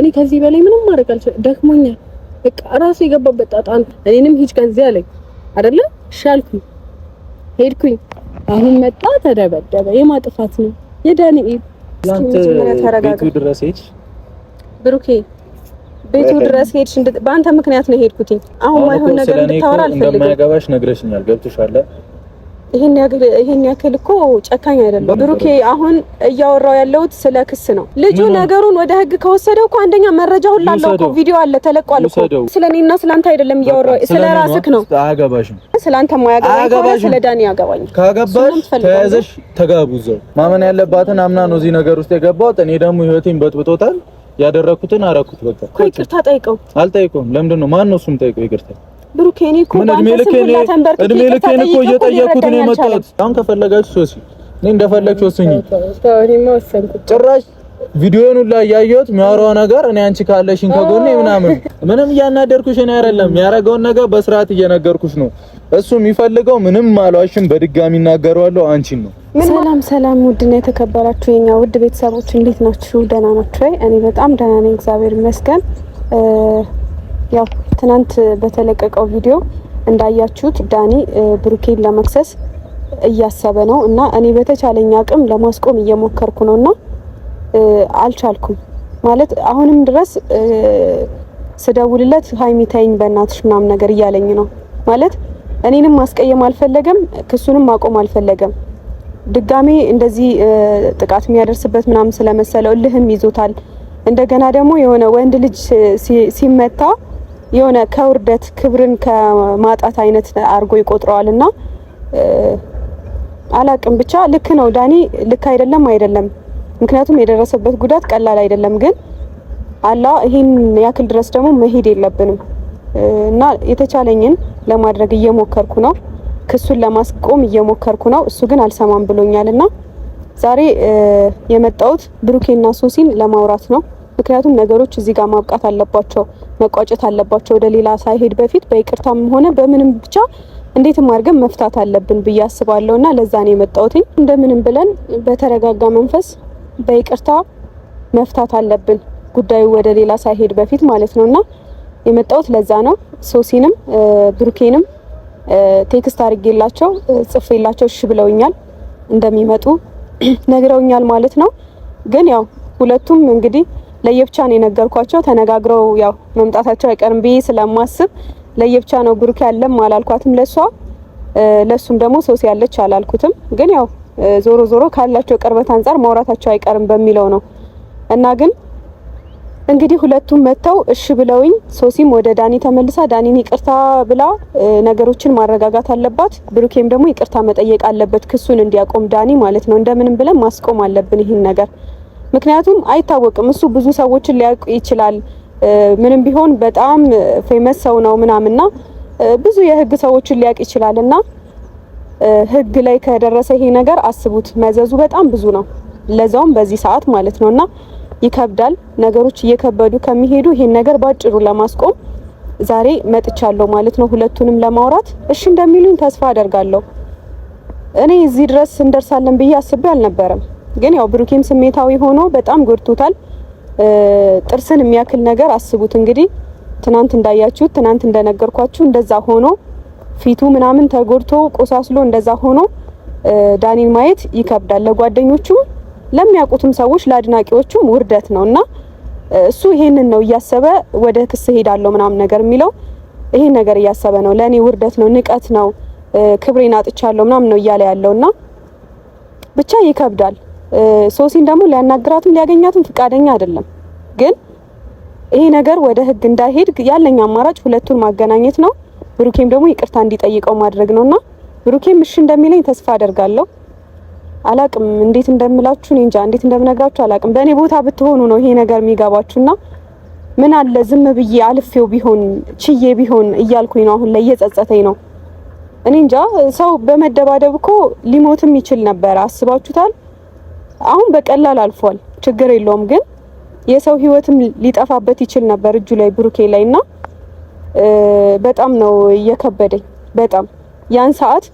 እኔ ከዚህ በላይ ምንም ማድረግ አልችልም። ደክሞኛል። በቃ ራሱ የገባበት ጣጣ እኔንም ሂጅ ከዚህ አለኝ አይደለ? እሺ ሄድኩኝ። አሁን መጣ፣ ተደበደበ። የማጥፋት ነው የዳንኤል ቤቱ ድረስ ብሩኬ ቤቱ ድረስ ሄድሽ። በአንተ ምክንያት ነው የሄድኩትኝ። አሁን ማይሆን ነገር እንድታወራ አልፈልግም። እንደማይገባሽ ነግረሽኛል። ገብቶሻል ይሄን ያክል እኮ ጨካኝ አይደለም ብሩኬ። አሁን እያወራው ያለሁት ስለ ክስ ነው። ልጁ ነገሩን ወደ ህግ ከወሰደው እኮ አንደኛ መረጃ ሁሉ አለው እኮ ቪዲዮ አለ፣ ተለቋል እኮ። ስለ እኔና ስለ አንተ አይደለም እያወራው፣ ስለ ራስህ ነው። አያገባሽም። ስለ አንተ ማያገባሽ፣ ስለ ዳኒ ያገባኝ። ካገባሽ ተያዘሽ፣ ተጋቡዘው። ማመን ያለባትን አምና ነው እዚህ ነገር ውስጥ የገባሁት። እኔ ደግሞ ህይወቴን በጥብጦታል። ያደረኩትን አረኩት። በቃ ይቅርታ ጠይቀው። አልጠይቀውም። ለምንድን ነው ማን ነው እሱም ጠይቀው ይቅርታ ብሩክ እኔ እኮ እድሜ ልኬን እኮ እየጠየኩት ነው የመጣሁት። በጣም ከፈለጋችሁ ሶሲ እኔ እንደፈለግሽ ወስኝ። ጭራሽ ቪዲዮውን ሁላ እያየሁት የሚያወራው ነገር እኔ አንቺ ካለሽኝ ከጎኔ ምናምን ምንም እያናደርኩሽ እኔ አይደለም ያደረገውን ነገር በስርዓት እየነገርኩሽ ነው። እሱ የሚፈልገው ምንም አሏሽም፣ በድጋሚ እናገረዋለሁ አንቺን ነው። ሰላም ሰላም፣ ውድና የተከበራችሁ የኛ ውድ ቤተሰቦች እንዴት ናችሁ? ደህና ናችሁ ወይ? እኔ በጣም ደህና ነኝ፣ እግዚአብሔር ይመስገን። ያው ትናንት በተለቀቀው ቪዲዮ እንዳያችሁት ዳኒ ብሩኬን ለመክሰስ እያሰበ ነው እና እኔ በተቻለኝ አቅም ለማስቆም እየሞከርኩ ነው እና አልቻልኩም። ማለት አሁንም ድረስ ስደውልለት ሀይሚ ተይኝ በእናትሽ ምናምን ነገር እያለኝ ነው። ማለት እኔንም ማስቀየም አልፈለገም፣ ክሱንም ማቆም አልፈለገም። ድጋሜ እንደዚህ ጥቃት የሚያደርስበት ምናምን ስለመሰለው እልህም ይዞታል። እንደገና ደግሞ የሆነ ወንድ ልጅ ሲመታ የሆነ ከውርደት ክብርን ከማጣት አይነት አድርጎ ይቆጥረዋል እና አላቅም ብቻ ልክ ነው ዳኒ ልክ አይደለም አይደለም ምክንያቱም የደረሰበት ጉዳት ቀላል አይደለም ግን አላ ይህን ያክል ድረስ ደግሞ መሄድ የለብንም እና የተቻለኝን ለማድረግ እየሞከርኩ ነው ክሱን ለማስቆም እየሞከርኩ ነው እሱ ግን አልሰማም ብሎኛል እና ዛሬ የመጣሁት ብሩኬና ሶሲን ለማውራት ነው ምክንያቱም ነገሮች እዚህ ጋር ማብቃት አለባቸው፣ መቋጨት አለባቸው። ወደ ሌላ ሳይሄድ በፊት በይቅርታም ሆነ በምንም ብቻ እንዴትም አድርገን መፍታት አለብን ብዬ አስባለሁ እና ለዛ ነው የመጣሁትኝ። እንደምንም ብለን በተረጋጋ መንፈስ በይቅርታ መፍታት አለብን፣ ጉዳዩ ወደ ሌላ ሳይሄድ በፊት ማለት ነው እና የመጣሁት ለዛ ነው። ሶሲንም ብሩኬንም ቴክስት አድርጌላቸው ጽፌላቸው እሺ ብለውኛል፣ እንደሚመጡ ነግረውኛል ማለት ነው። ግን ያው ሁለቱም እንግዲህ ለየብቻ ነው የነገርኳቸው። ተነጋግረው ያው መምጣታቸው አይቀርም ብዬ ስለማስብ ለየብቻ ነው ብሩክ ያለም አላልኳትም ለሷ ለሱም ደግሞ ሰው ያለች አላልኩትም። ግን ያው ዞሮ ዞሮ ካላቸው ቅርበት አንጻር ማውራታቸው አይቀርም በሚለው ነው እና ግን እንግዲህ ሁለቱም መጥተው እሺ ብለውኝ ሶሲም ወደ ዳኒ ተመልሳ ዳኒን ይቅርታ ብላ ነገሮችን ማረጋጋት አለባት። ብሩኬም ደግሞ ይቅርታ መጠየቅ አለበት፣ ክሱን እንዲያቆም ዳኒ ማለት ነው። እንደምንም ብለን ማስቆም አለብን ይህን ነገር ምክንያቱም አይታወቅም። እሱ ብዙ ሰዎችን ሊያውቅ ይችላል። ምንም ቢሆን በጣም ፌመስ ሰው ነው ምናምንና ብዙ የህግ ሰዎችን ሊያውቅ ይችላል እና ህግ ላይ ከደረሰ ይሄ ነገር አስቡት፣ መዘዙ በጣም ብዙ ነው። ለዛውም በዚህ ሰዓት ማለት ነውና ይከብዳል። ነገሮች እየከበዱ ከሚሄዱ ይሄን ነገር ባጭሩ ለማስቆም ዛሬ መጥቻለሁ ማለት ነው፣ ሁለቱንም ለማውራት። እሺ እንደሚሉኝ ተስፋ አደርጋለሁ። እኔ እዚህ ድረስ እንደርሳለን ብዬ አስቤ አልነበረም። ግን ያው ብሩኬም ስሜታዊ ሆኖ በጣም ጎድቶታል። ጥርስን የሚያክል ነገር አስቡት እንግዲህ ትናንት እንዳያችሁት ትናንት እንደነገርኳችሁ እንደዛ ሆኖ ፊቱ ምናምን ተጎድቶ ቆሳስሎ እንደዛ ሆኖ ዳኒን ማየት ይከብዳል። ለጓደኞቹም ለሚያውቁትም ሰዎች ለአድናቂዎቹም ውርደት ነው እና እሱ ይሄንን ነው እያሰበ ወደ ክስ ሄዳለው ምናምን ነገር የሚለው ይሄን ነገር እያሰበ ነው። ለእኔ ውርደት ነው፣ ንቀት ነው፣ ክብሬን አጥቻለሁ ምናምን ነው እያለ ያለውና ብቻ ይከብዳል። ሶሲን ደግሞ ሊያናግራትም ሊያገኛትም ፍቃደኛ አይደለም። ግን ይሄ ነገር ወደ ህግ እንዳይሄድ ያለኝ አማራጭ ሁለቱን ማገናኘት ነው። ብሩኬም ደግሞ ይቅርታ እንዲጠይቀው ማድረግ ነውና ብሩኬም እሺ እንደሚለኝ ተስፋ አደርጋለሁ። አላቅም እንዴት እንደምላችሁ እኔ እንጃ፣ እንዴት እንደምነግራችሁ አላቅም። በእኔ ቦታ ብትሆኑ ነው ይሄ ነገር የሚገባችሁና ምን አለ ዝም ብዬ አልፌው ቢሆን ችዬ ቢሆን እያልኩኝ ነው። አሁን ላይ እየጸጸተኝ ነው። እኔ እንጃ ሰው በመደባደብ እኮ ሊሞትም ይችል ነበር። አስባችሁታል? አሁን በቀላል አልፏል፣ ችግር የለውም። ግን የሰው ህይወትም ሊጠፋበት ይችል ነበር እጁ ላይ ብሩኬ ላይ እና በጣም ነው እየከበደኝ። በጣም ያን ሰዓት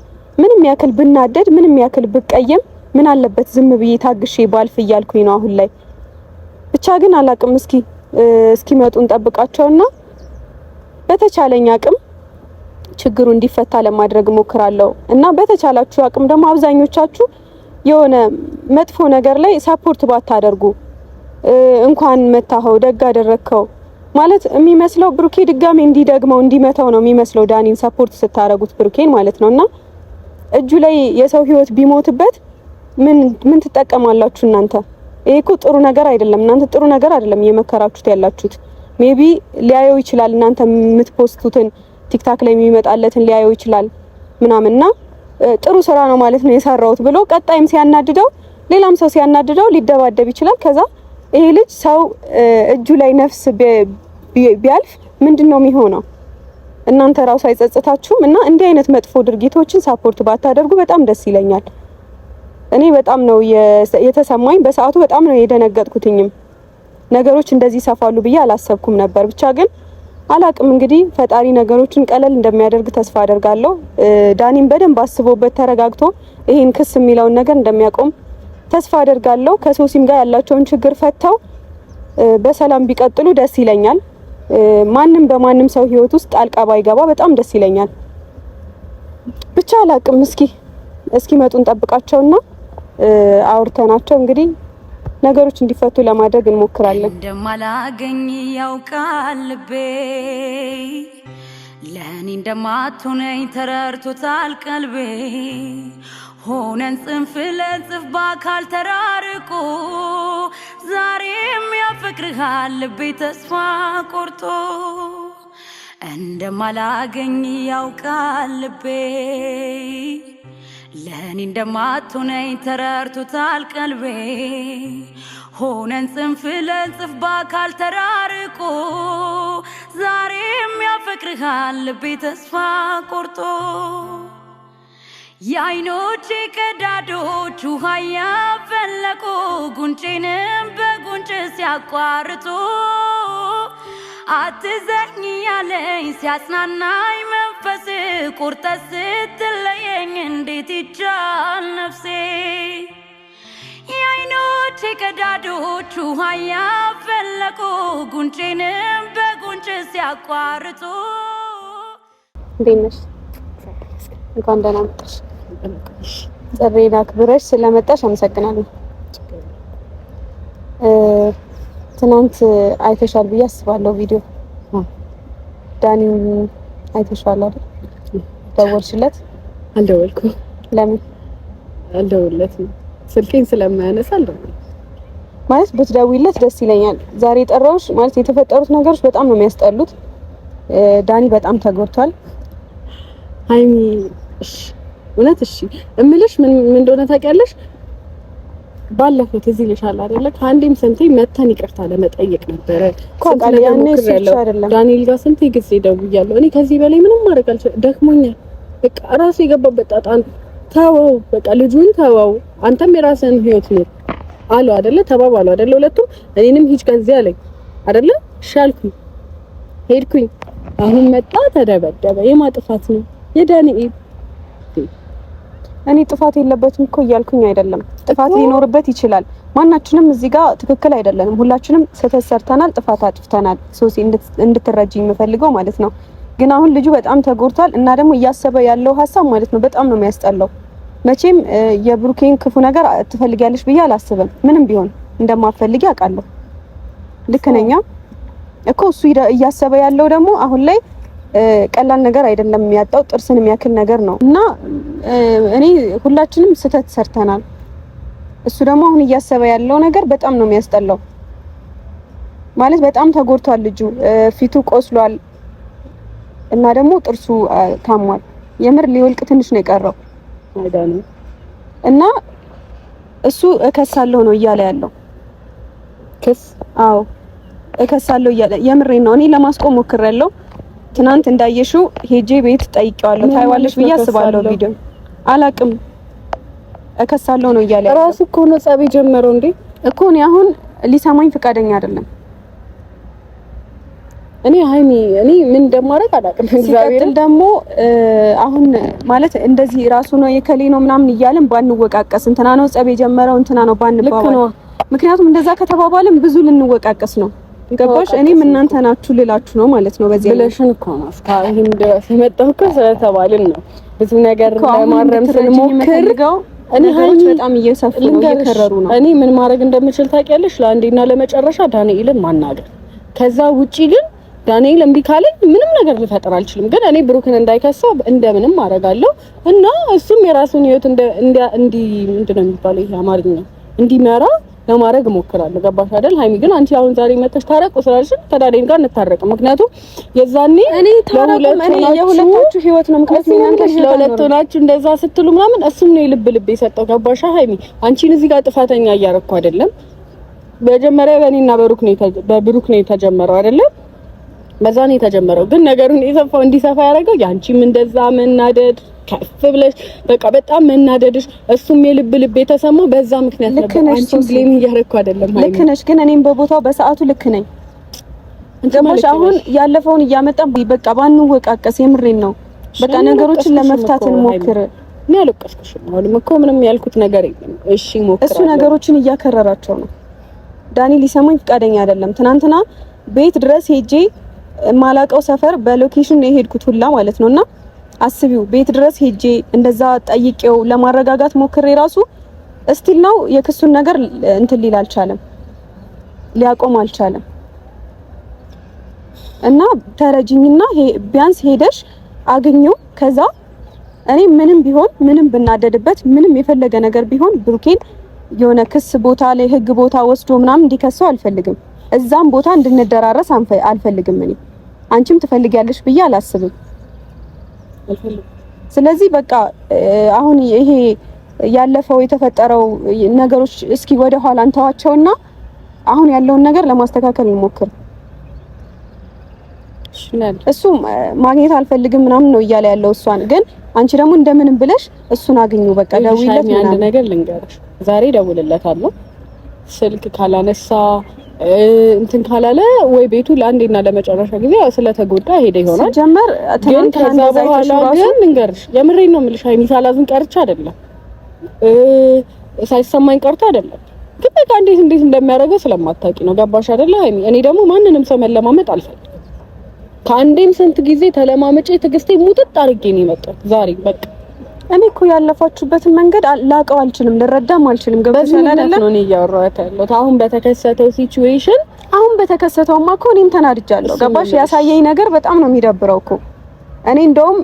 ምንም ያክል ብናደድ፣ ምንም ያክል ብቀየም፣ ምን አለበት ዝም ብዬ ታግሼ ባልፍ እያልኩኝ ነው አሁን ላይ ብቻ። ግን አላቅም እስኪ እስኪመጡ እንጠብቃቸውና በተቻለኝ አቅም ችግሩ እንዲፈታ ለማድረግ ሞክራለሁ እና በተቻላችሁ አቅም ደግሞ አብዛኞቻችሁ የሆነ መጥፎ ነገር ላይ ሳፖርት ባታደርጉ እንኳን መታኸው ደግ አደረግከው ማለት የሚመስለው ብሩኬ ድጋሜ እንዲደግመው እንዲመታው ነው የሚመስለው። ዳኒን ሰፖርት ስታደርጉት ብሩኬን ማለት ነው። እና እጁ ላይ የሰው ህይወት ቢሞትበት ምን ምን ትጠቀማላችሁ እናንተ? ይሄ እኮ ጥሩ ነገር አይደለም። እናንተ ጥሩ ነገር አይደለም እየመከራችሁት ያላችሁት። ሜቢ ሊያየው ይችላል እናንተ የምትፖስቱትን ቲክታክ ላይ የሚመጣለትን ሊያየው ይችላል ምናምንና ጥሩ ስራ ነው ማለት ነው የሰራሁት ብሎ ቀጣይም ሲያናድደው፣ ሌላም ሰው ሲያናድደው ሊደባደብ ይችላል። ከዛ ይሄ ልጅ ሰው እጁ ላይ ነፍስ ቢያልፍ ምንድን ነው የሚሆነው? እናንተ ራሱ አይጸጽታችሁም? እና እንዲህ አይነት መጥፎ ድርጊቶችን ሳፖርት ባታደርጉ በጣም ደስ ይለኛል። እኔ በጣም ነው የተሰማኝ። በሰዓቱ በጣም ነው የደነገጥኩትኝም ነገሮች እንደዚህ ይሰፋሉ ብዬ አላሰብኩም ነበር። ብቻ ግን አላቅም እንግዲህ ፈጣሪ ነገሮችን ቀለል እንደሚያደርግ ተስፋ አደርጋለሁ። ዳኒም በደንብ አስቦበት ተረጋግቶ ይህን ክስ የሚለውን ነገር እንደሚያቆም ተስፋ አደርጋለሁ። ከሶሲም ጋር ያላቸውን ችግር ፈተው በሰላም ቢቀጥሉ ደስ ይለኛል። ማንም በማንም ሰው ህይወት ውስጥ ጣልቃ ባይገባ በጣም ደስ ይለኛል። ብቻ አላቅም። እስኪ እስኪ መጡን እንጠብቃቸውና አውርተናቸው እንግዲህ ነገሮች እንዲፈቱ ለማድረግ እንሞክራለን። እንደማላገኝ ያውቃል ልቤ ለእኔ እንደማትሆነኝ ተረድቶታል ቀልቤ ሆነን ጽንፍ ለጽፍ በአካል ተራርቆ ዛሬም ያፈቅርሃል ልቤ ተስፋ ቆርጦ እንደማላገኝ ያውቃል ልቤ ለእኔ እንደማትሆነኝ ተረርቶታል ቀልቤ ሆነን ጽንፍ ለጽንፍ በአካል ተራርቆ ዛሬም ያፈቅርሃል ልቤ ተስፋ ቆርጦ የአይኖች ቀዳዶች ውሃ ያፈለቁ ጉንጬንም በጉንጭ ሲያቋርጡ አትዘኝ ያለኝ ሲያጽናናኝ መንፈስ ቁርጠት ስትለየኝ እንዴት ይቻል ነፍሴ የአይኖቼ ቀዳዳዎቹ ውሃ ያፈለቁ ጉንጬንም በጉንጭ ሲያቋርጡ እንዴት እንኳን ደህና መጣሽ። ጥሬን አክብረሽ ስለመጣሽ አመሰግናለሁ። ትናንት አይተሻል ብዬ አስባለሁ። ቪዲዮ ዳኒ አይተሻል አይደል? ደወልሽለት? አልደወልኩም። ለምን አልደወለት? ስልኬን ስለማያነሳ አልደወልኩም። ማለት ብትደውይለት ደስ ይለኛል። ዛሬ የጠራሁሽ ማለት የተፈጠሩት ነገሮች በጣም ነው የሚያስጠሉት። ዳኒ በጣም ተጎድቷል። ሀይሚ እሺ፣ እውነት እሺ፣ እምልሽ ምን እንደሆነ ታውቂያለሽ? ባለፈው ትዝ ይልሻል አይደለ? ከአንዴም ስንቴ መተን ይቅርታ ለመጠየቅ ነበረ። ዳንኤል ጋር ስንቴ ጊዜ ደውያለሁ። እኔ ከዚህ በላይ ምንም ማድረግ አልችልም፣ ደክሞኛል። በቃ ራሱ የገባበት ጣጣን ተወው፣ በቃ ልጁን ተወው፣ አንተም የራስህን ህይወት ነው አሉ አይደለ? ተባባሉ አይደለ? ሁለቱም እኔንም ሂጅ ከዚህ አለኝ አይደለ? ሻልኩኝ፣ ሄድኩኝ። አሁን መጣ፣ ተደበደበ። የማጥፋት ነው የዳንኤል እኔ ጥፋት የለበትም እኮ እያልኩኝ አይደለም። ጥፋት ሊኖርበት ይችላል። ማናችንም እዚህ ጋር ትክክል አይደለንም። ሁላችንም ስህተት ሰርተናል፣ ጥፋት አጥፍተናል። ሶሲ እንድትረጅ የምፈልገው ማለት ነው። ግን አሁን ልጁ በጣም ተጎድቷል እና ደግሞ እያሰበ ያለው ሀሳብ ማለት ነው በጣም ነው የሚያስጠላው። መቼም የብሩኬን ክፉ ነገር ትፈልጊያለሽ ብዬ አላስብም። ምንም ቢሆን እንደማፈልጊ አውቃለሁ። ልክ ነኝ እኮ እሱ እያሰበ ያለው ደግሞ አሁን ላይ ቀላል ነገር አይደለም የሚያጣው ጥርስን የሚያክል ነገር ነው እና እኔ ሁላችንም ስህተት ሰርተናል። እሱ ደግሞ አሁን እያሰበ ያለው ነገር በጣም ነው የሚያስጠላው። ማለት በጣም ተጎድቷል ልጁ፣ ፊቱ ቆስሏል እና ደግሞ ጥርሱ ታሟል። የምር ሊወልቅ ትንሽ ነው የቀረው እና እሱ እከሳለሁ ነው እያለ ያለው ክስ። አዎ እከሳለሁ እያለ የምሬ ነው። እኔ ለማስቆም ሞክሬያለሁ ትናንት እንዳየሽው ሄጄ ቤት ጠይቄዋለሁ። ታይዋለሽ ብዬ አስባለሁ። ቪዲዮ አላቅም እከሳለሁ ነው እያለ ያለው ራሱ እኮ ነው ጸብ ጀመረው እንዴ እኮ እኔ አሁን ሊሰማኝ ፈቃደኛ አይደለም። እኔ ሀይሚ እኔ ምን እንደማደርግ አላውቅም። ሲቀጥል ደግሞ አሁን ማለት እንደዚህ ራሱ ነው የከሌ ነው ምናምን እያለን ባንወቃቀስ እንትና ነው ጸብ የጀመረው እንትና ነው ባንባባል፣ ምክንያቱም እንደዛ ከተባባልን ብዙ ልንወቃቀስ ነው ገባሽ? እኔም እናንተ ናችሁ ልላችሁ ነው ማለት ነው። በዚህ ብለሽን እኮ ነው እስካሁን ድረስ የመጣሁ እኮ ስለተባልን ነው። ብዙ ነገር ለማረም ስንሞክር እኔ በጣም እየሰፉ ነው፣ እየከረሩ ነው። እኔ ምን ማድረግ እንደምችል ታውቂያለሽ? ለአንዴና ለመጨረሻ ዳንኤልን ማናገር። ከዛ ውጪ ግን ዳንኤል እምቢ ካለኝ ምንም ነገር ልፈጥር አልችልም። ግን እኔ ብሩክን እንዳይከሳ እንደምንም አደርጋለሁ እና እሱም የራሱን ህይወት እንዲ ምንድን ነው የሚባለው ይሄ አማርኛ እንዲመራ ለማድረግ እሞክራለሁ። ገባሽ አይደል ሀይሚ? ግን አንቺ አሁን ዛሬ መተሽ ታረቁ ስላልሽን ከዳዴን ጋር እንታረቅ። ምክንያቱም የዛኔ እኔ ታረቅም እኔ የሁለታችሁ ህይወት ነው። ምክንያቱም እናንተ ለሁለቱ ናችሁ እንደዛ ስትሉ ምናምን እሱም ነው ልብ ልብ የሰጠው ገባሽ ሀይሚ? አንቺን እዚህ ጋር ጥፋተኛ እያረኩ አይደለም። መጀመሪያ በእኔና በሩክ ነው በብሩክ ነው የተጀመረው አይደለም በዛ ነው የተጀመረው። ግን ነገሩን የሰፋው እንዲሰፋ ያደረገው ያንቺም እንደዛ መናደድ ከፍ ብለሽ በቃ በጣም መናደድሽ፣ እሱም የልብ ልብ የተሰማው በዛ ምክንያት ነበር። አንቺም ብሌም እያደረግኩ አይደለም። ልክ ነሽ፣ ግን እኔም በቦታው በሰዓቱ ልክ ነኝ። ገባሽ? አሁን ያለፈውን እያመጣን በቃ ባንወቃቀስ፣ የምሬን ነው። በቃ ነገሮችን ለመፍታት እንሞክር። እኔ አልወቀስኩሽም። አሁንም እኮ ምንም ያልኩት ነገር የለም። እሺ ሞክር። እሱ ነገሮችን እያከረራቸው ነው። ዳኒ ሊሰማኝ ፍቃደኛ አይደለም። ትናንትና ቤት ድረስ ሄጄ ማላቀው ሰፈር በሎኬሽን ነው የሄድኩት ሁላ ማለት ነውና አስቢው ቤት ድረስ ሄጄ እንደዛ ጠይቄው ለማረጋጋት ሞክሬ ራሱ እስቲል ነው የክሱን ነገር እንትን ሊል አልቻለም፣ ሊያቆም አልቻለም። እና ተረጅኝና ቢያንስ ሄደሽ አግኘው። ከዛ እኔ ምንም ቢሆን ምንም ብናደድበት ምንም የፈለገ ነገር ቢሆን ብሩኬን የሆነ ክስ ቦታ ላይ ህግ ቦታ ወስዶ ምናምን እንዲከሰው አልፈልግም። እዛም ቦታ እንድንደራረስ አልፈልግም። እኔ አንቺም ትፈልጊያለሽ ብዬ አላስብም። ስለዚህ በቃ አሁን ይሄ ያለፈው የተፈጠረው ነገሮች እስኪ ወደ ኋላ እንተዋቸውና አሁን ያለውን ነገር ለማስተካከል እንሞክር። እሱ ማግኘት አልፈልግም ምናምን ነው እያለ ያለው እሷን። ግን አንቺ ደግሞ እንደምንም ብለሽ እሱን አግኙ። በቃ ደውይለት። አንድ ነገር ልንገርሽ፣ ዛሬ ደውልለታለሁ ስልክ ካላነሳ እንትን ካላለ ወይ ቤቱ ለአንዴና ለመጨረሻ ጊዜ ስለተጎዳ ሄደ ይሆናል። ጀመር ግን ከዛ በኋላ ግን ልንገርሽ፣ የምሬን ነው የምልሽ ሀይሚ ሳላዝን ቀርቻ አይደለም ሳይሰማኝ ቀርቶ አይደለም። ግን በቃ እንዴት እንዴት እንደሚያደርገው ስለማታውቂ ነው። ገባሽ አይደለ ሀይሚ? እኔ ደግሞ ማንንም ሰው መለማመጥ አልፈልግም። ከአንዴም ስንት ጊዜ ተለማመጬ ትዕግስቴ ሙጥጥ አድርጌ ነው የመጣሁት ዛሬ በቃ እኔ እኮ ያለፋችሁበትን መንገድ ላቀው አልችልም፣ ልረዳም አልችልም። ገብቶሻል አይደለ? እኔ እያወራሁት ያለሁት አሁን በተከሰተው ሲቹዌሽን፣ አሁን በተከሰተውማ እኮ እኔም ተናድጃለሁ። ገባሽ? ያሳየኝ ነገር በጣም ነው የሚደብረው እኮ እኔ እንደውም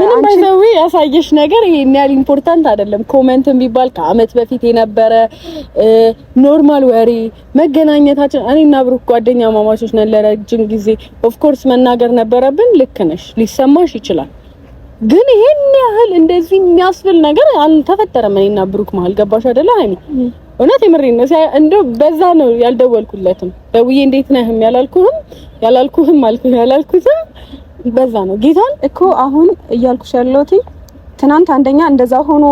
ምንም አይዘው ያሳየሽ ነገር ይሄን ያህል ኢምፖርታንት አይደለም። ኮመንት የሚባል ከአመት በፊት የነበረ ኖርማል ወሬ መገናኘታችን፣ እኔና ብሩክ ጓደኛ ማማቾች ነን ለረጅም ጊዜ። ኦፍ ኮርስ መናገር ነበረብን። ልክ ነሽ፣ ሊሰማሽ ይችላል ግን ይሄን ያህል እንደዚህ የሚያስብል ነገር አልተፈጠረም። እኔና ብሩክ መሀል ገባሽ አይደለ ሀይሚ? እውነት የምሬን ነው። እንደው በዛ ነው ያልደወልኩለትም። ደውዬ እንዴት ነህም ያላልኩህም ያላልኩህም አልኩህ ያላልኩትም በዛ ነው። ጌታን እኮ አሁን እያልኩሽ ያለሁት ትናንት አንደኛ እንደዛ ሆኖ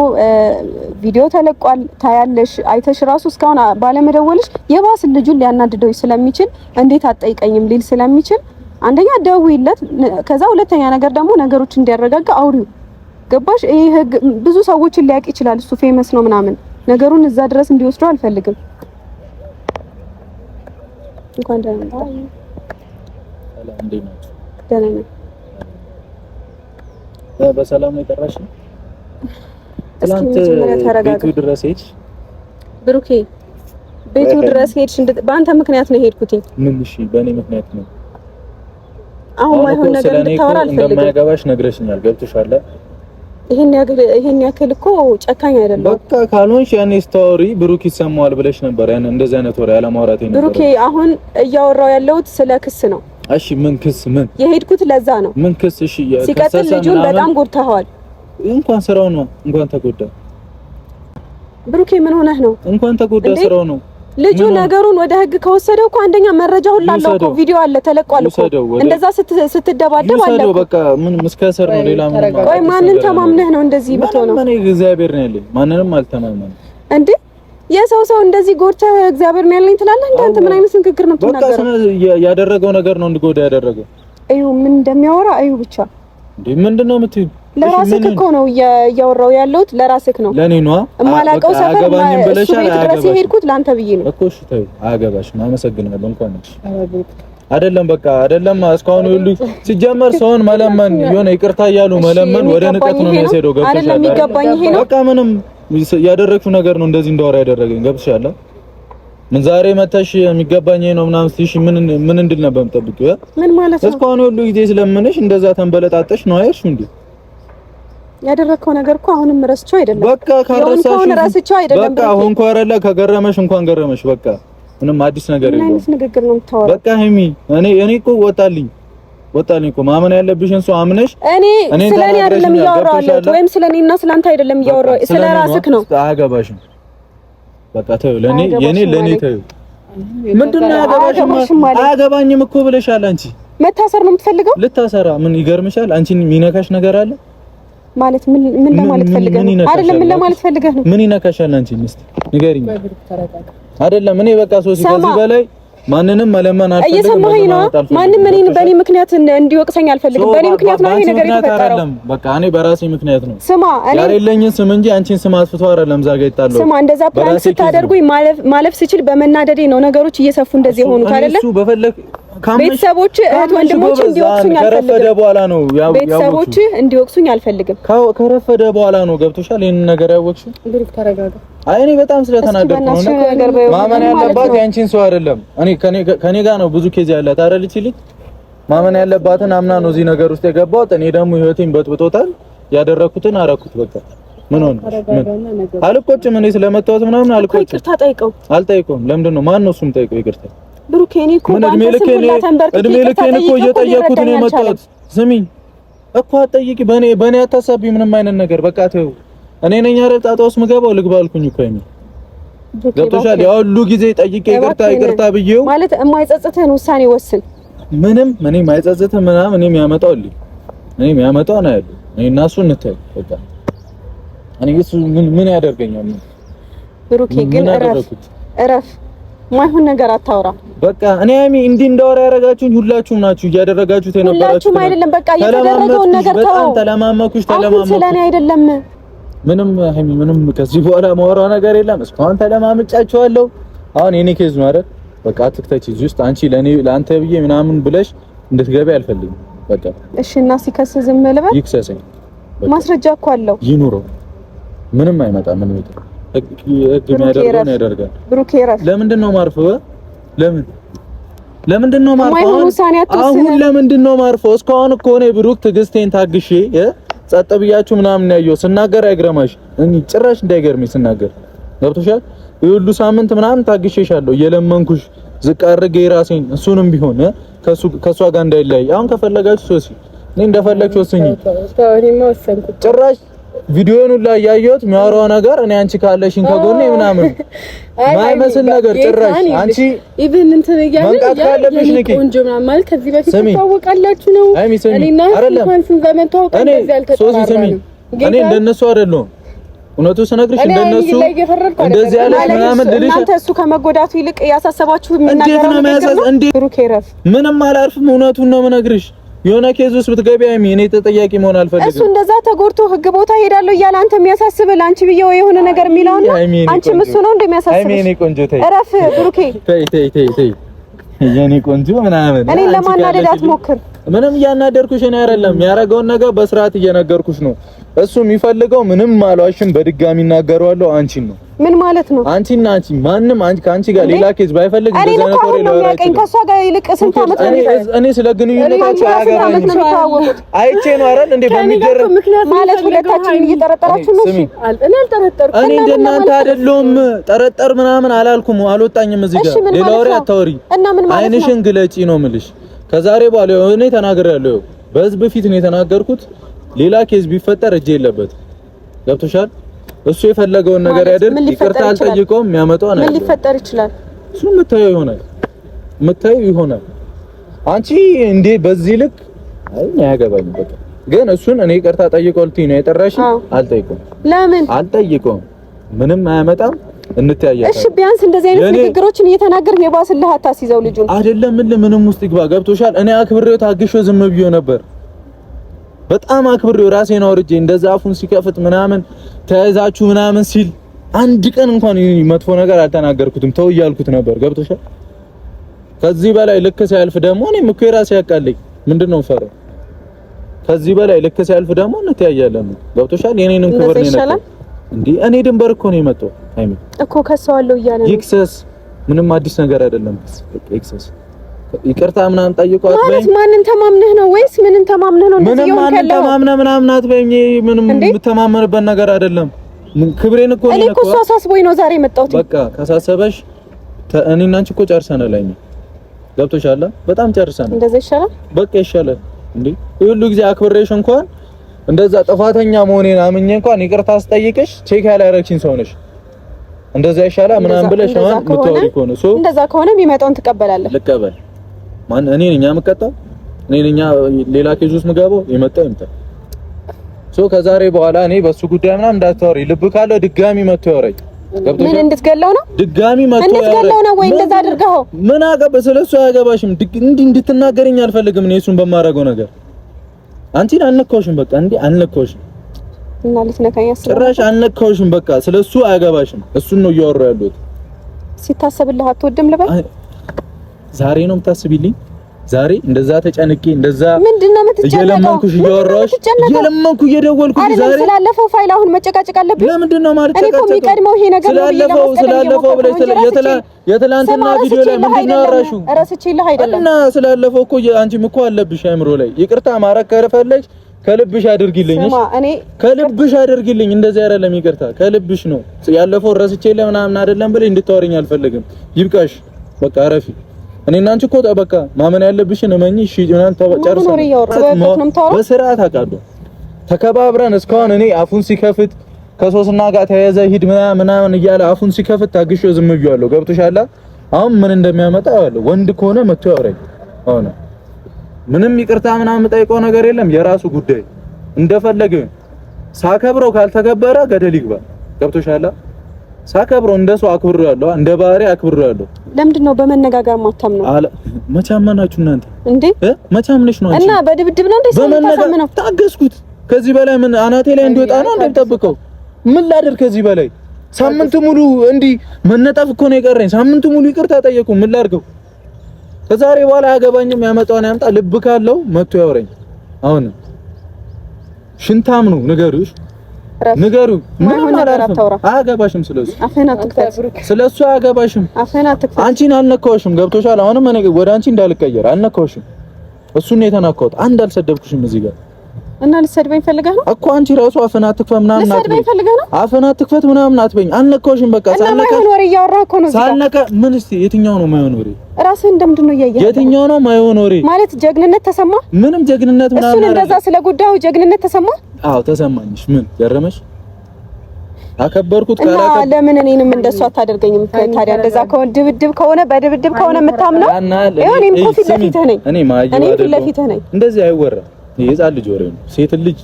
ቪዲዮ ተለቋል፣ ታያለሽ። አይተሽ ራሱ እስካሁን ባለመደወልሽ የባስ ልጁን ሊያናድደው ስለሚችል እንዴት አትጠይቀኝም ሊል ስለሚችል አንደኛ ደውይለት፣ ከዛ ሁለተኛ ነገር ደግሞ ነገሮች እንዲያረጋጋ አውሪው። ገባሽ? ይሄ ህግ ብዙ ሰዎችን ሊያውቅ ይችላል። እሱ ፌመስ ነው ምናምን ነገሩን እዛ ድረስ እንዲወስደው አልፈልግም። እንኳን ደህና መጣ። በሰላም ነው የጠራሽ? ትናንት ቤቱ ድረስ ሄድሽ? ብሩኬ ቤቱ ድረስ ሄድሽ? በአንተ ምክንያት ነው የሄድኩትኝ። ምን? እሺ፣ በእኔ ምክንያት ነው አሁን ማይሆን ነገር እንድታወራ አልፈልግም። እንደማያገባሽ ነግረሽኛል። ገብቶሻል። ይሄን ያክል እኮ ጨካኝ አይደለም። በቃ ካልሆንሽ ያኔ ስታወሪ ብሩክ ይሰማዋል ብለሽ ነበር። ያን እንደዚህ አይነት ወሬ አለማውራት ነው። ብሩኬ፣ አሁን እያወራው ያለሁት ስለ ክስ ነው። እሺ፣ ምን ክስ? ምን የሄድኩት ለዛ ነው። ምን ክስ? እሺ፣ ሲቀጥል ልጁን በጣም ጎድተኸዋል። እንኳን ስራው ነው። እንኳን ተጎዳ ብሩኬ። ምን ሆነህ ነው? እንኳን ተጎዳ ስራው ነው ልጁ ነገሩን ወደ ህግ ከወሰደው እኮ አንደኛ መረጃ ሁሉ አለው እኮ ቪዲዮ አለ ተለቋል እኮ እንደዛ ስትደባደብ አለ እኮ በቃ ምን መስከሰር ነው ሌላ ምን ቆይ ማንን ተማምነህ ነው እንደዚህ ብትሆነው ማንን እግዚአብሔር ነው ያለኝ ማንንም አልተማመንም እንዴ የሰው ሰው እንደዚህ ጎርቻ እግዚአብሔር ነው ያለኝ ትላለህ እንዴ አንተ ምን አይነት ንግግር ነው ተናገረው በቃ ያደረገው ነገር ነው እንድጎዳ ያደረገው እዩ ምን እንደሚያወራ እዩ ብቻ እንዴ ምንድነው የምትይው ለራስህ እኮ ነው እያወራሁ ያለሁት፣ ለራስህ ነው። ለኔ ነው የማላውቀው ሰፈር እሱ ቤት ድረስ የሄድኩት ለአንተ ብዬ ነው እኮ። እሺ ተይው፣ አያገባሽም። አመሰግናለሁ። እንኳን እሺ አይደለም በቃ አይደለም። እስካሁን ሁሉ ሲጀመር ሰውን መለመን የሆነ ይቅርታ እያሉ መለመን ወደ ንቀት ነው የሚያስሄደው። ገብቶሻል አይደለም? የሚገባኝ ይሄ ነው። በቃ ምንም ያደረግሽው ነገር ነው እንደዚህ እንዳወራ ያደረገኝ። ገብቶሻል? ምን ዛሬ መተሽ የሚገባኝ ነው ምናምን ስትይሽ ምን ምን እንድል ነበር የምጠብቂው? ምን ማለት ነው? እስካሁን ሁሉ ጊዜ ስለምንሽ እንደዛ ተንበለጣጠሽ ነው አይርሽ እንዴ? ያደረከው ነገር እኮ አሁንም ረስቸው አይደለም። በቃ ካረሳሽ ረስቸው አይደለም። በቃ አሁን አረለ ከገረመሽ እንኳን ገረመሽ። በቃ ምንም አዲስ ነገር የለም። አዲስ ንግግር ነው የምታወራው። በቃ ሀይሚ፣ እኔ እኔ እኮ ወጣልኝ ወጣልኝ እኮ ማመን ያለብሽን ሰው አምነሽ። እኔ ስለኔ አይደለም እያወራሁ ያለሁት ወይም ስለኔና ስለአንተ አይደለም እያወራሁ ስለራስህ ነው። አያገባሽም። በቃ ተይው፣ ለኔ የኔ ለኔ ተይው። ምንድነው አያገባሽም? አያገባኝም እኮ ብለሻል አንቺ። መታሰር ነው የምትፈልገው? ልታሰራ ምን ይገርምሻል? አንቺን የሚነካሽ ነገር አለ ማለት ምን ለማለት ፈልገህ ነው? አይደለም ምን ለማለት ፈልገህ ነው? ምን ይነካሻል? አንቺ ምስት ንገሪኝ። አይደለም እኔ በቃ ሶሲ ከዚህ በላይ ማንንም መለመን አልፈልግም። እየሰማኸኝ ነው? ማንም እኔን በእኔ ምክንያት እንዲወቅሰኝ አልፈልግም። በእኔ ምክንያት ነው ይሄ ነገር የተፈጠረው። በቃ እኔ በራሴ ምክንያት ነው። ስማ እኔ ያለኝን ስም እንጂ አንቺን ስም አስፍቶ አይደለም ጋር ይጣለው። ስማ እንደዛ ፕላን ስታደርጉኝ ማለፍ ማለፍ ስችል በመናደዴ ነው ነገሮች እየሰፉ እንደዚህ የሆኑት አይደለ? እሱ በፈለክ ቤተሰቦች እህት ወንድሞች እንዲወቅሱኝ አልፈልግም። በኋላ ነው ያው ቤተሰቦች እንዲወቅሱኝ አልፈልግም። ከረፈደ በኋላ ነው ገብቶሻል። ይሄን ነገር ያወቅሽ ብሩክ፣ ተረጋጋ። አይ እኔ በጣም ስለተናደድኩ ነው። ማመን ያለባት ያንቺን ሰው አይደለም። እኔ ከኔ ከኔ ጋር ነው ብዙ ኬዝ ያለ ታረልች ልጅ ማመን ያለባትን አምና ነው እዚህ ነገር ውስጥ የገባሁት። እኔ ደግሞ ህይወቴን በጥብጦታል። ያደረኩትን አረኩት በቃ ምን ሆነ? አልቆጭም። እኔ ስለመጣሁት ምናምን አልቆጭም። ይቅርታ ጠይቀው። አልጠይቀውም። ለምንድን ነው ማን ነው እሱም ጠይቀው ይቅርታ ብሩክ እኔ እኮ እድሜ እየጠየኩት ነው የመጣሁት። ስሚኝ በኔ በኔ አታሳቢ ምንም አይነት ነገር በቃ ተይው። እኔ ነኝ አይደል ጣጣ ውስጥ ምገባው ልግባ እኮ እኔ ገብቶሻል። ያው ሁሉ ጊዜ ጠይቄ ይቅርታ ይቅርታ ብዬው ማለት የማይጸጽትህን ውሳኔ ወስን። ምንም እኔ የማይጸጽትህ ምናምን እኔም ያመጣውልኝ እኔም ያመጣው ነው ያለው እኔ እና እሱ እንትን በቃ እኔ እሱ ምን ምን ያደርገኛል ብሩኬ ግን እረፍ እረፍ ማይሆን ነገር አታውራ። በቃ እኔ ሀይሚ እንዲህ እንዳወራ ያደረጋችሁኝ ሁላችሁም ናችሁ፣ እያደረጋችሁት የነበራችሁ ሁላችሁም። አይደለም በቃ እየተደረገውን ነገር ተው። በጣም ተለማመኩሽ፣ ተለማመኩሽ። ስለኔ አይደለም ምንም ሀይሚ፣ ምንም ከዚህ በኋላ ማወራ ነገር የለም። እስካሁን ተለማምጫችኋለሁ። አሁን የኔ ኬዝ ነው አይደል? በቃ አትክተች እዚህ ውስጥ አንቺ ለኔ ለአንተ ብዬ ምናምን ብለሽ እንድትገቢ አልፈልግም። በቃ እሺ። እና ሲከስ ዝም ልበል? ይክሰሰኝ። ማስረጃ እኮ አለው፣ ይኑረው። ምንም አይመጣም። ምን ህግ የሚያደርገውን ያደርጋል። ብሩክ ለምንድን ነው ለምን ለምንድን ነው አሁን ለምንድን ነው እስካሁን እኮ እኔ ብሩክ ትዕግስቴን ታግሼ ጸጥ ብያችሁ ምናምን ያየው ስናገር አይግረማሽ፣ ጭራሽ እንዳይገርምሽ ስናገር ገብቶሻል። የሁሉ ሳምንት ምናምን ታግሼሻለሁ፣ እየለመንኩሽ ዝቅ አድርጌ ራሴን እሱንም ቢሆን ከሱ ከሷ ጋር እንዳይለያይ አሁን ከፈለጋችሁ ሶሲ እኔ እንደፈለግሽ ወስኝ ጭራሽ ቪዲዮውን ሁላ እያየሁት የሚያወራው ነገር እኔ አንቺ ካለሽን ከጎኔ ምናምን ማይመስል ነገር ጭራሽ አንቺ ኢቭን እንትን መንቃት ካለብሽ ንቂ ቆንጆ ምናምን ማለት ከዚህ በፊት ትታወቃላችሁ ነው እኔና እንኳን ስንዘመን ተዋውቀን እንደዚህ አልተጠራራንም። እኔ እንደነሱ አይደለሁም። እውነቱ ስነግርሽ እንደነሱ እንደዚህ ያለ ምናምን ልልሽ እናንተ እሱ ከመጎዳቱ ይልቅ ያሳሰባችሁ እያሳሰባችሁ ምንም አላርፍም። እውነቱን ነው የምነግርሽ የሆነ ኬዝ ውስጥ ብትገቢ አይሚ፣ እኔ ተጠያቂ መሆን አልፈልግም። እሱ እንደዛ ተጎድቶ ህግ ቦታ ሄዳለሁ እያለ አንተ የሚያሳስብ ለአንቺ ብዬ የሆነ ነገር የሚለውና አንቺ ምሱ ነው እንደሚያሳስብ። አይሚ፣ እኔ ቆንጆ ተይ፣ እረፍ ብሩኬ፣ ተይ ተይ ተይ ተይ፣ የኔ ቆንጆ ምናምን እኔን ለማናደድ አትሞክር። ምንም እያናደርኩሽ እኔ አይደለም ያደረገውን ነገር በስርዓት እየነገርኩሽ ነው። እሱ የሚፈልገው ምንም ማሏሽን በድጋሚ እናገረዋለሁ። አንቺን ነው ምን ማለት ነው? አንቺና አንቺ ማንም አንቺ ከአንቺ ጋር ሌላ ኬዝ ባይፈልግ እንደዛ ነው ተወሪ ነው ያቀኝ ከሷ ጋር ይልቅ ስንት አመት ነው? እኔ ስለ ግንኙነታችሁ አያገባኝም። አይቼ ነው አይደል እንዴ በሚደረግ ማለት ሁለታችን እየጠረጠራችሁ ነው። እሺ እኔ አልጠረጠርኩም። እኔ እንደናንተ አይደለም ጠረጠር ምናምን አላልኩም። አልወጣኝም እዚህ ጋር ሌላ ወሬ አታወሪ። አይንሽን ግለጪ ነው የምልሽ ከዛሬ በኋላ የሆነ ተናገር ያለው በህዝብ ፊት ነው የተናገርኩት። ሌላ ኬዝ ቢፈጠር እጄ የለበትም። ገብቶሻል? እሱ የፈለገውን ነገር ያድርግ። ይቅርታ አልጠይቀውም። የሚያመጣው ነው። ምን ሊፈጠር ይችላል? እሱ የምታየው ይሆናል፣ የምታየው ይሆናል። አንቺ እንዴ በዚህ ልክ አይ ያገባኝ በቃ ግን እሱን እኔ ይቅርታ ጠይቀው ልትይ ነው የጠራሽ። አልጠይቀውም። ለምን አልጠይቀውም? ምንም አያመጣም። እንተያያለን። እሺ ቢያንስ እንደዚህ አይነት ንግግሮችን እየተናገርን የባስልህ አታስይዘው ልጁን። አይደለም ምን ምንም ውስጥ ይግባ ገብቶሻል። እኔ አክብሬው ታግሾ ዝም ብዬው ነበር። በጣም አክብሬው ራሴን አውርጄ እንደዛ አፉን ሲከፍት ምናምን ተያይዛችሁ ምናምን ሲል አንድ ቀን እንኳን መጥፎ ነገር አልተናገርኩትም። ተው እያልኩት ነበር። ገብቶሻል። ከዚህ በላይ ልክ ሲያልፍ ደግሞ እኔም እኮ የራሴ ያቃለኝ ምንድነው ፈረ ከዚህ በላይ ልክ ሲያልፍ ደግሞ እንተያያለን። ገብቶሻል። የኔንም ክብር ነው እንዴ እኔ ድንበር እኮ ነው የመጣው። ሃይሚ እኮ ከሰዋለሁ እያለ ነው። ኤክሰስ ምንም አዲስ ነገር አይደለም። ኤክሰስ ይቅርታ ምናምን ጠይቀው አትበይም ማለት ማንን ተማምነህ ነው ወይስ ምንን ተማምነህ ነው? እንደዚህ ይሆን ካለው ምንም ተማምነህ ምናምን አትበይም። ምንም የምተማመንበት ነገር አይደለም። ክብሬን እኮ ነው። እኔ እኮ እሱ አሳስቦኝ ነው ዛሬ የመጣሁት። በቃ ካሳሰበሽ እኔና አንቺ እኮ ጨርሰናል። ሃይሚ ገብቶሻል። በጣም ጨርሰናል። እንደዛ ይሻላል። በቃ ይሻላል። እንዴ ሁሉ ጊዜ አክብሬሽ እንኳን እንደዛ ጥፋተኛ መሆኔን አምኜ እንኳን ይቅርታ አስጠይቅሽ ቼክ ያላረግሽኝ ሰው ነሽ። እንደዛ ይሻላል ምናምን ብለሽ አሁን የምታወሪ ከሆነ ሶ እንደዛ ከሆነ የሚመጣውን ትቀበላለህ። ልቀበል ማን እኔ ነኝ የምቀጣው? እኔ ነኝ ሌላ ኬዝ ውስጥ የምገባው? የመጣው ይምጣ። ሶ ከዛሬ በኋላ እኔ በሱ ጉዳይ ምናምን እንዳታወሪ። ልብ ካለ ድጋሚ መጥቶ ያወራኝ ምን እንድትገለው ነው? ድጋሚ መጥቶ እንድትገለው ነው ወይ እንደዛ አድርገው ምን አገበ ስለሱ አያገባሽም። እንዲህ እንድትናገረኝ አልፈልግም እኔ እሱን በማረገው ነገር አንቺን አልነካውሽም። በቃ እንዴ አልነካውሽም፣ እና ልትነካኝ ጭራሽ አልነካውሽም። በቃ ስለሱ አያገባሽም። እሱን ነው እያወራሁ ያለሁት። ሲታሰብልህ አትወድም ልበል? ዛሬ ነው የምታስቢልኝ? ዛሬ እንደዛ ተጨንቄ እንደዛ እየለመንኩሽ እያወራሁሽ እየለመንኩ እየደወልኩሽ ዛሬ ስላለፈው ፋይል አሁን መጨቃጨቅ አለብኝ። ለምንድነው ማለት እኔ እኮ የሚቀድመው ይሄ ነገር ነው። ስላለፈው ስላለፈው ብለሽ የትላንትና ቪዲዮ ላይ ምንድነው ያወራሽው? ረስቼልህ አይደለም እና ስላለፈው እኮ አንቺም እኮ አለብሽ አእምሮ ላይ ይቅርታ ማረግ ከፈለግሽ ከልብሽ አድርጊልኝ። እሺ እኔ ከልብሽ አድርጊልኝ። እንደዚህ አይደለም ይቅርታ ከልብሽ ነው። ያለፈው ረስቼልህ ምናምን አይደለም ብለሽ እንድታወሪኝ አልፈልግም። ይብቃሽ፣ በቃ አረፊ። እኔ እና አንቺ እኮ በቃ ማመን ያለብሽን እመኚ። እሺ ምናምን ጨርሰን በስርዓት አውቃለሁ። ተከባብረን እስካሁን እኔ አፉን ሲከፍት ከሶስና ጋር ተያይዘ ሂድ ምናምን ምናምን እያለ አፉን ሲከፍት ታግሼው ዝም ብያለሁ። ገብቶሻል? አሁን ምን እንደሚያመጣ ያለው ወንድ ከሆነ መጥቶ ያወራኝ። አሁን ምንም ይቅርታ ምናምን የምጠይቀው ነገር የለም። የራሱ ጉዳይ እንደፈለገ ሳከብረው ካልተከበረ ገደል ይግባ። ገብቶሻል? ሳከብረው እንደ ሰው አክብረው ያለው እንደ ባህሪ አክብረው ያለው። ለምንድን ነው በመነጋገር ማታም ነው አለ መቻመናችሁ እናንተ እንዴ? መቻምነሽ ነው እና በድብድብ ነው እንዴ? በመነጋገር ታገስኩት። ከዚህ በላይ ምን አናቴ ላይ እንዲወጣ ነው እንደምጠብቀው? ምን ላድር ከዚህ በላይ ሳምንቱ ሙሉ እንዲህ መነጠፍ እኮ ነው የቀረኝ። ሳምንቱ ሙሉ ይቅርታ ጠየቁ። ምን ላድርገው? ከዛሬ በኋላ አያገባኝም። ያመጣውን ያምጣ። ልብ ካለው መጥቶ ያወረኝ አሁን ሽንታም ነው ነገርሽ ንገሩ። ምንም አያገባሽም። ስለሱ ስለሱ አያገባሽም። አንቺን አልነካሁሽም። ገብቶሻል። አሁንም ወደ አንቺ እንዳልቀየር አልነካሁሽም። እሱን ነው የተናካሁት። አንድ አልሰደብኩሽም እዚህ ጋር እና ልትሰድበኝ ፈልገህ ነው እኮ አንቺ ራሱ አፍህን አትክፈት ምናምን ልትሰድበኝ ፈልገህ ነው አፍህን አትክፈት ምናምን አትበኝ አልነካሁሽም በቃ ሳልነካ ወሬ እያወራህ እኮ ነው ሳልነካ ምን እስኪ የትኛው ነው የማይሆን ወሬ ራስህ እንደምንድን ነው እያየህ የትኛው ነው የማይሆን ወሬ ማለት ጀግንነት ተሰማ ምንም ጀግንነት ምናምን እሱን እንደዛ ስለ ጉዳዩ ጀግንነት ተሰማ አዎ ተሰማኝሽ ምን ገረመሽ አከበርኩት ካላከ እና ለምን እኔንም እንደሱ አታደርገኝም? ታዲያ እንደዛ ከሆነ ድብድብ ከሆነ በድብድብ ከሆነ የምታምነው ይሁን። እኔም እኮ ፊት ለፊትህ ነኝ። እኔ ፊት ለፊትህ ነኝ። እንደዚህ አይወራም። የህፃን ልጅ ወሬ ነው። ሴት ልጅ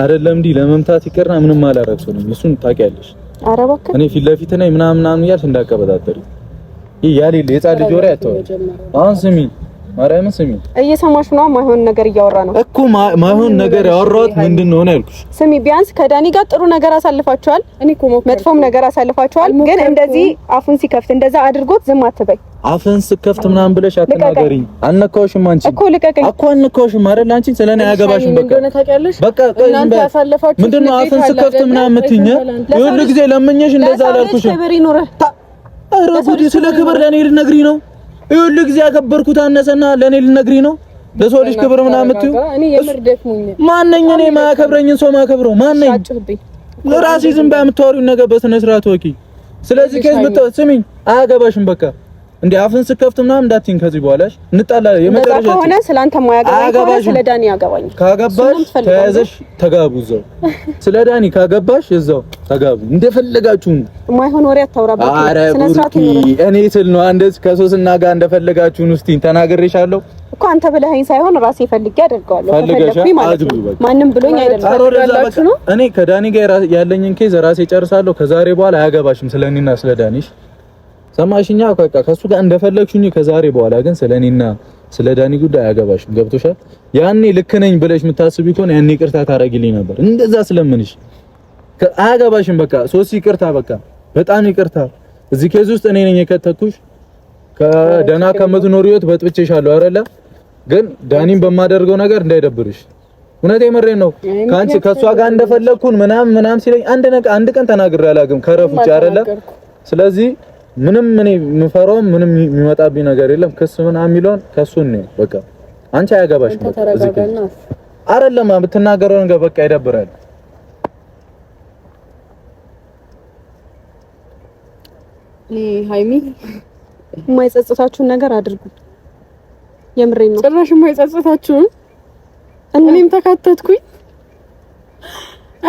አይደለም እንዲህ ለመምታት ይቀርና ምንም አላረግ ሰው ነኝ። እሱን ታውቂያለሽ። ኧረ እባክህ እኔ ፊት ለፊት ነኝ ምናምን ምናምን እያልሽ እንዳቀበጣጠሪ ይህ ያሌለ የህፃን ልጅ ወሬ አታወሪ። አሁን ስሚ ማርያምን ስሚ፣ እየሰማሽ ነው? ማይሆን ነገር እያወራ ነው እኮ። ማይሆን ነገር ያወራሁት ምንድን ነው ያልኩሽ። ስሚ፣ ቢያንስ ከዳኒ ጋር ጥሩ ነገር አሳልፋችኋል፣ መጥፎም ነገር አሳልፋችኋል። ግን እንደዚህ አፉን ሲከፍት እንደዛ አድርጎት ዝም አትበይ። አፍህን ስከፍት ምናምን ብለሽ አትናገሪኝ። አልነካሁሽም፣ አንቺ እኮ ልቀቀኝ እኮ አልነካሁሽም አይደል? አንቺ ስለኔ አያገባሽም። በቃ በቃ ምንድን ነው አፍህን ስከፍት ምናምን የምትይኝ? የሁሉ ጊዜ ለምኜሽ እንደዛ አላልኩሽም። ኧረ ጉድ! ስለ ክብር ለኔ ልትነግሪኝ ነው ይኸውልህ ጊዜ ያከበርኩት አነሰና ለእኔ ልነግሪኝ ነው? ለሰው ልጅ ክብር ምናምን የምትይው ማነኝ? እኔ ማያከብረኝን ሰው ማከብረው ማነኝ? ራሴ ዝም ብላ የምታወሪውን ነገር በስነ ስርዓት ወቂ። ስለዚህ ከዚህ ስሚኝ፣ አያገባሽም በቃ እንዴ አፍን ስከፍት ምናምን እንዳትይኝ ከዚህ በኋላሽ እንጣላ። የመጨረሻ ከሆነ ስላንተ ማያገባኝ ከሆነ ስለ ዳኒ ያገባኝ። ካገባሽ ተያዘሽ ተጋቡ እዛው። ስለ ዳኒ ካገባሽ እዛው ተጋቡ። እንደፈለጋችሁ ማይሆን ወሬ አታውራበት። ስነ እኔ ስል ነው እንደዚህ ከሶስና ጋር እንደፈለጋችሁን እስቲ ተናግሬሻለሁ እኮ አንተ ብለኸኝ ሳይሆን ራሴ ፈልጌ አደርገዋለሁ። ከፈለኩኝ ማለት ነው። ማንም ብሎኝ አይደለም። እኔ ከዳኒ ጋር ያለኝን ኬዝ ራሴ ጨርሳለሁ። ከዛሬ በኋላ አያገባሽም ስለኔና ስለ ዳኒሽ ሰማሽኛ? በቃ ከሱ ጋር እንደፈለግሽኝ። ከዛሬ በኋላ ግን ስለኔና ስለ ዳኒ ጉዳይ አያገባሽም። ገብቶሻል? ያኔ ልክ ነኝ ብለሽ የምታስቢ ከሆነ ያኔ ይቅርታ ታረጊልኝ ነበር። እንደዛ ስለምንሽ አያገባሽም። በቃ ሶስት ይቅርታ፣ በቃ በጣም ይቅርታ። እዚህ ኬዝ ውስጥ እኔ ነኝ የከተትኩሽ። ከደና ከምትኖሪ ህይወት በጥብቼሻለሁ አይደለ? ግን ዳኒን በማደርገው ነገር እንዳይደብርሽ። እውነት የምሬን ነው። ከአንቺ ከእሷ ጋር እንደፈለግኩን ምናምን ምናምን ሲለኝ አንድ አንድ ቀን ተናግሬ አላውቅም ከረፍ ውጭ አይደለ? ስለዚህ ምንም እኔ የምፈራውም ምንም የሚመጣብኝ ነገር የለም። ክስ ምናምን የሚለውን ከሱ ነው በቃ። አንቺ አያገባሽም አይደለም የምትናገረው ነገር በቃ ይደብራል። ሀይሚ የማይጸጽታችሁን ነገር አድርጉ። የምሬን ነው። ጭራሽ የማይጸጽታችሁን እኔም ተካተትኩኝ።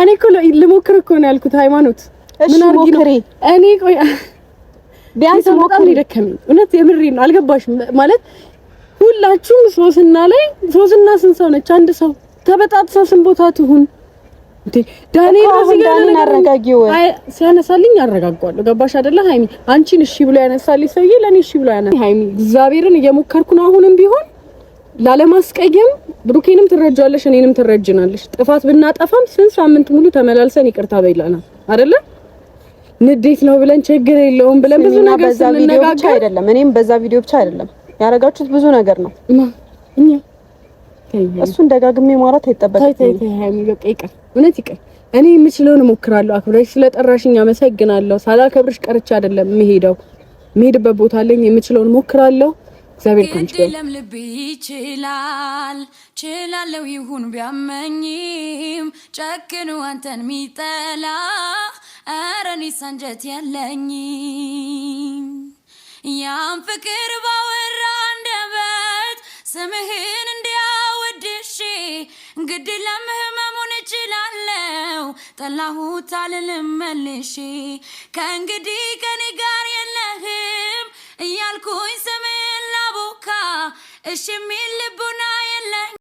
እኔ እኮ ልሞክር እኮ ነው ያልኩት። ሃይማኖት ምን አድርጊ ነው እኔ ቆይ ቢያንስ ሞክር። ደከመኝ፣ እውነት የምሬ ነው። አልገባሽም ማለት ሁላችሁም ሶስና ላይ ሶስና ስንት ሰው ነች? አንድ ሰው ተበጣጥሳ ስንት ቦታ ትሁን? እንዴ ዳንኤል እዚህ ጋር አረጋጊው ሲያነሳልኝ አረጋጓለሁ። ገባሽ አይደለ ሃይሚ? አንቺን እሺ ብሎ ያነሳልኝ ሰውዬ ለኔ እሺ ብሎ ያነሳ ሃይሚ፣ እግዚአብሔርን እየሞከርኩ ነው። አሁንም ቢሆን ላለማስቀየም ብሩኬንም ትረጃለሽ፣ እኔንም ትረጅናለሽ። ጥፋት ብናጠፋም ስንት ሳምንት ሙሉ ተመላልሰን ይቅርታ በይላናል አይደለ ንዴት ነው ብለን ችግር የለውም ብለን ብዙ ነገር ስንነጋገር አይደለም። እኔም በዛ ቪዲዮ ብቻ አይደለም ያረጋችሁት ብዙ ነገር ነው። እኛ እሱን ደጋግሜ ማውራት አይጠበቅም። ይቅር፣ እውነት ይቅር። እኔ የምችለውን እሞክራለሁ። አክብረሽ ስለጠራሽኝ አመሰግናለሁ። ሳላከብርሽ ቀርቼ አይደለም የምሄደው። የምሄድበት ቦታ አለኝ። የምችለውን እሞክራለሁ። እግዚአብሔር ካንቺ ጋር ልብ ይችላል። ችላለው ይሁን ቢያመኝም ጨክኑ አንተን ሚጠላ አረኒስ አንጀት ያለኝ ያም ፍቅር ባወራ አንደበት ስምህን እንዲያወድሼ ግድ ለምህመሙን እችላለው ጠላሁት አልልም መልሼ ከእንግዲህ ከኔ ጋር የለህም እያልኩኝ ስምህን ላቦካ እሽ የሚል ልቡና የለኝ